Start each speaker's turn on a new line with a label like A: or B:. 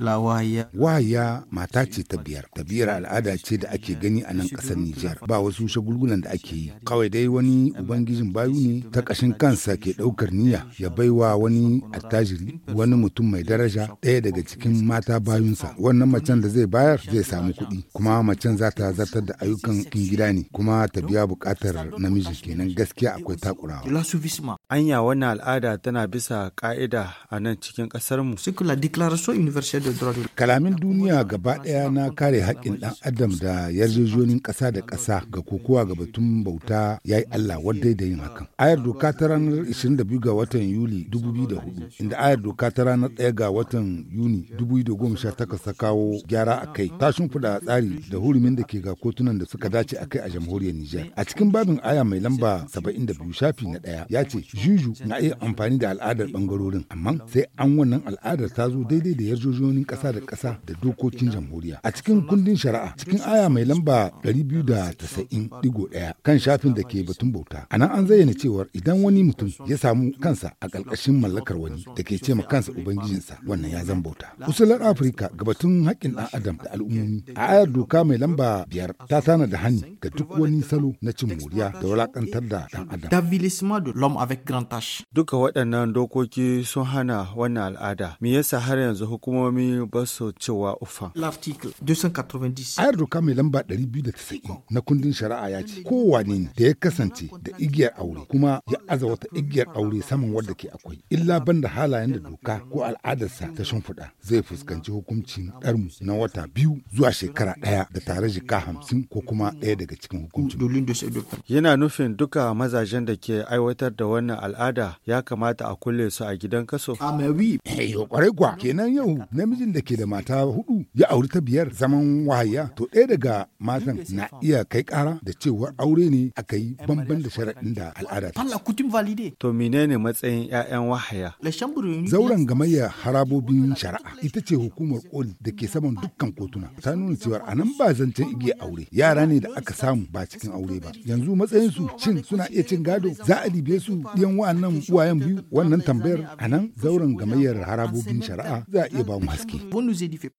A: Waya mata ce ta biyar. Tabiyar al'ada ce da ake gani a nan ƙasar Nijar. Ba wasu shagulgulan da ake yi. Kawai dai wani ubangijin bayu ne ta ƙashin kansa ke ɗaukar niyya ya baiwa wani attajiri wani mutum mai daraja ɗaya daga cikin mata bayunsa. Wannan macen da zai bayar zai samu kuɗi. Kuma macen za ta zartar da ayyukan kin gida ne. Kuma ta biya buƙatar namijin kenan gaskiya akwai takurawa.
B: Anya wannan al'ada tana bisa ƙa'ida a nan cikin ƙasarmu. C'est que la
A: Kalamin duniya gaba ɗaya na kare haƙƙin ɗan adam da yarjejonin ƙasa da ƙasa ga kokowa ga batun bauta ya yi Allah wadda da yin hakan. Ayar doka ta ranar 22 ga watan Yuli 2004 inda ayar doka ta ranar 1 ga watan Yuni 2018 ta kawo gyara a kai ta shimfiɗa tsari da hurumin da ke ga kotunan da suka dace a kai a jamhuriyar Nijar. A cikin babin aya mai lamba 72 shafi na ɗaya ya ce juju na iya amfani da al'adar ɓangarorin amma sai an wannan al'adar ta zo daidai da yarjejonin fannonin ƙasa da ƙasa da dokokin jamhuriya. A cikin kundin shari'a cikin aya mai lamba biyu da ɗaya. kan shafin da ke batun bauta. A nan an zayyana cewar idan wani mutum ya samu kansa a ƙarƙashin mallakar wani da ke ce ma kansa ubangijinsa wannan ya zan bauta. Kusurar Afirka ga batun haƙƙin ɗan adam da al'ummomi a ayar doka mai lamba biyar ta tana da hani
B: ga duk wani salo na cin moriya da wulaƙantar da ɗan adam. Duka waɗannan dokoki sun hana wannan al'ada. Me yasa har yanzu hukumomi hukumomi ba su cewa ufa.
A: Ayar doka mai lamba 290 na kundin shari'a ya ce kowane da ya kasance da igiyar aure kuma ya aza wata igiyar aure saman wadda ke akwai illa banda halayen da doka ko al'adarsa ta shimfiɗa zai fuskanci hukuncin ɗarmu na wata biyu zuwa shekara ɗaya da tare jika hamsin ko kuma ɗaya daga cikin hukuncin.
B: Yana nufin duka mazajen da ke aiwatar da wannan al'ada ya kamata a kulle su a gidan kaso. kwarai ah, eh, kwa kenan yau namijin da
A: ke da mata hudu ya auri ta biyar zaman wahaya to ɗaya daga matan na iya kai kara da cewa aure ne aka yi bamban da sharaɗin da al'ada ta. To menene
B: matsayin 'ya'yan wahaya? Zauren
A: gamayya harabobin shari'a ita ce hukumar oli da ke saman dukkan kotuna ta nuna cewa a nan ba zancen igiya aure yara ne da aka samu ba cikin aure ba yanzu matsayin su cin suna iya cin gado za a dibe su ɗiyan wa'annan uwayen biyu wannan tambayar a nan zauren gamayyar harabobin shari'a za a iya ba mu
B: Pour Vous nous édifier.